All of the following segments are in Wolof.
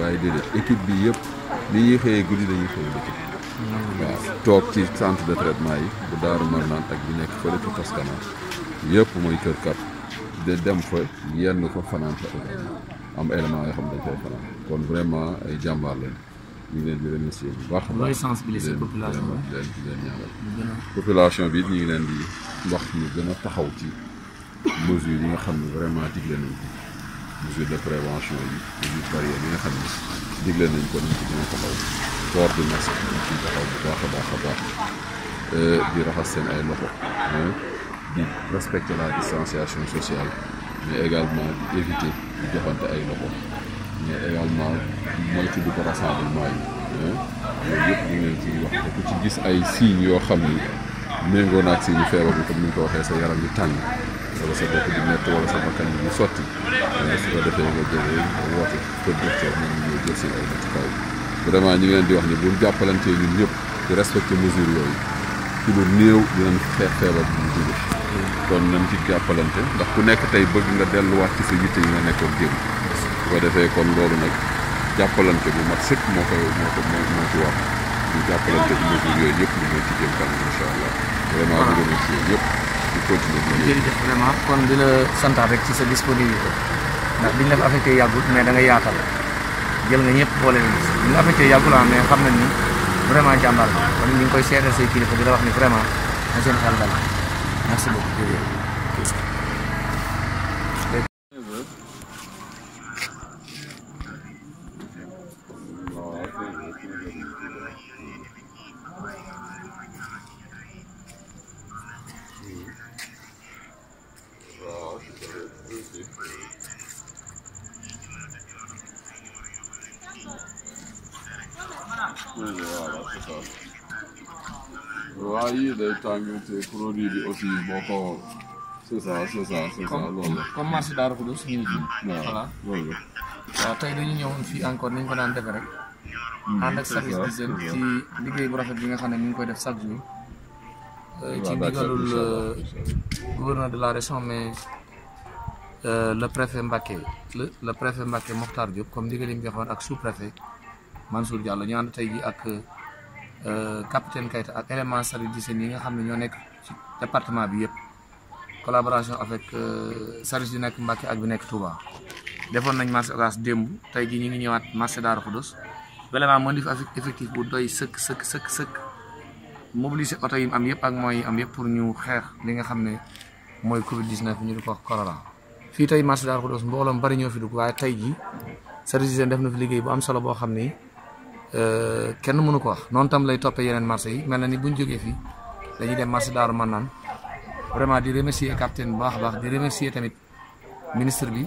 waaye déedéet équipe bi yëpp ni ñuy xëyee guddi dañuy xëyee bëccëg waaw toog ci centre de traitement yi bu daaru mar naan ak bi nekk fële ci Toscana yëpp mooy kër kat de dem fa yenn ko fanaan fa am élément yoo xam dañ fay fanaan kon vraiment ay jàmbaar ñu ngi leen di remercier bu baax looy sensibiliser population bi leen ñu ngi leen di wax ñu gën a taxaw ci mesures yi nga xam ne vraiment digle nañ ko mesures de prévention yi mesures barrières yi nga xam ne digle nañ ko nañ ci gën a taxaw port du masque nañ ci taxaw bu a baax a euh, di raxas seen ay loxo di respecter la distanciation sociale mais également di éviter di joxante ay loxo mais également moytu di ko rassemblement yi yooyu yëpp ñu leen ciy wax te ku ci gis ay signes yoo xam ni méngoo naag si ñu feebar bi comme ni ñu ko waxee sa yaram yi tàng wala sa bopp di métti wala sama kanam bi sotti su ko defee nga jëlee woote producteur ñu ngi ñëw jël seen ay matukaay vraiment ñu ngi leen di wax ni bu ñu jàppalantee ñun ñëpp di respecté mesure yooyu ci lu néew dinañ xeex kon nañ ci jàppalante ndax ku nekk tey bëgg nga delluwaat ci sa yitte yi nga nekkoon démb su ko defee kon loolu nag jàppalante bu mat sëkk moo koy moo ko moo ci wax ñu jàppalante bi mesure yooyu yëpp ñu ngi ci jëm kanam incha allah vraiment di remercier ñëpp di continuer. jërëjëf vraiment kon di la santaat rek ci sa disponibilité ndax bi ñu def affecté yàggul mais da nga yaatal jël nga ñëpp boole leen ñu ngi affecté mais xam nañ ni vraiment jàmbaar la kon ñu koy seetal say kilifa di la wax ni vraiment na seen xel dal merci beaucoup très voilà c'est ça waaw boo ko c'est ça c'est ça c'est ça loolu la. tey dañu ñëwoon fii encore ni ko daan defee rek. Mm-hmm. ànd ak service d'hygiène ci liggéey bu rafet bi nga xam ne ñu ngi koy def chaque jour. Euh, ci ndigalul euh, gouverneur de la région mais euh, le préfet Mbacké le le préfet Mbacké Mokhtar Diop comme ndigal yi mu joxoon ak sous préfet. Mansour Diallo ñu ànd tey ji ak euh, capitaine Keita ak élément service d'hygiène yi nga xam ne ñoo nekk ci bi yëpp collaboration avec euh, service yu nekk Mbacké ak bi nekk Touba defoon nañ marché Ocass démb tey ji ñu ngi ñëwaat marché Darou Khoudoss vraiment mën dif effectif bu doy sëkk sëkk sëkk sëkk mobiliser oto yi am yëpp ak mooy yi am pour ñu xeex li nga xam ne mooy Covid 19 ñu di ko wax corona. fii tey marché Darou Khoudoss mbooloo bari ñoo fi dugg waaye tey ji service d'hygiène def na fi liggéey bu am solo boo xam ni Euh, kenn mënu ko wax noonu tam lay toppee yeneen marché yi mel na ni bu ñu jógee fii dañuy dem marché man Marnaan vraiment di remercier capitaine bu baax baax di remercier tamit ministre bi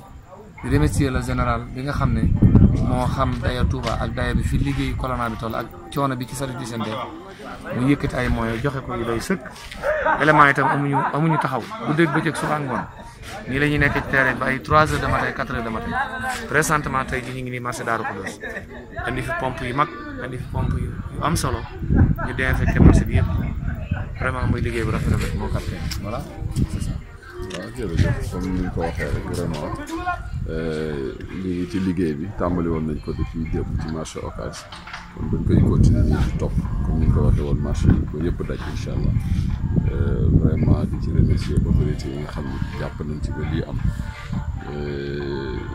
di remercier la général bi nga xam ne. moo xam daya Touba ak a bi fi liggéey corona bi toll ak coono bi ci service d'hygiène mu yëkkati ay moyens joxe ko yu doy sëkk élément yi tam amuñu amuñu taxaw bu dégg bëccëg suba ngoon nii la ñuy nekk ci terrain bi ay 3 heures de matin 4 heures de matin présentement tey jii ñu ngi nii marché Daaru Xudoos andi fi pompe yi mag andi fi pompe yu am solo ñu désinfecté marché bi yëpp vraiment muy liggéey bu rafet rafet moo capté voilà waaw jërëjëf comme ni ñu ko waxee rek vraiment ñu euh, ngi ci liggéey bi tàmbali woon nañ ko di depuis démb ci marché Ocass kon dañ koy continuer nii di topp comme ko waxee woon marché yi ba yëpp daj incha allah euh, vraiment di ci remercier autorité yi nga xam ne jàpp ci ba lii am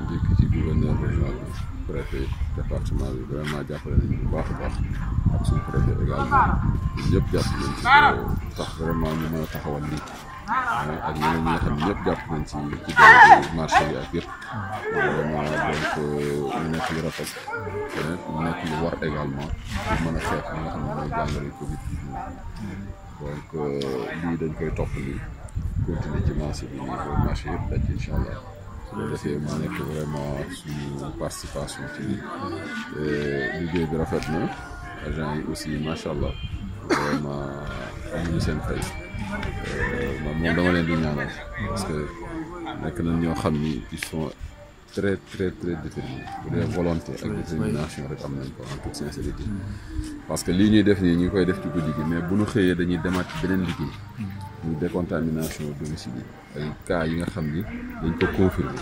njëkk euh, ci gouverneur régional bi préfet bi vraiment jàppale nañ bu baax a baax ak suñu préfet également ñëpp jàpp nañ ci tax vraiment ñu mën taxawal lii ak ñeneen ñi nga xam ne ci ci doole marché yi ak yëpp vraiment donc euh, mu nekk lu rafet mu nekk lu war également pour mën a xeex li nga xam ne mooy jàngale Covid donc euh, lii dañ koy topp nii continuer ci marché bi nii marché yëpp daj incha allah su defee mu nekk vraiment suñu participation ci euh, liggéey bi rafet na agent yi aussi macha allah vraiment. seen fay euh, man moom dama leen di ñaanal parce que nekk nañ ñoo xam ni ils sont très très très déterminés bu dee volonté ak détermination rek am nañ ko en toute sincérité mm-hmm. parce que lii ñuy def nii ñu ngi koy def ci guddi gi mais bu nu xëyee dañuy demaat beneen liggéey mm-hmm. muy décontamination domicile yi ay cas yi nga xam ni dañ ko confirmé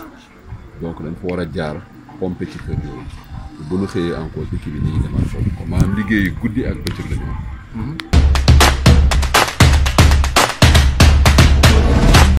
donc dañ ko war a jaar pompe ci kër yooyu bu ñu xëyee encore équipe bi ñuy demaat foofu maanaam liggéeyu guddi ak bëccëg la ñu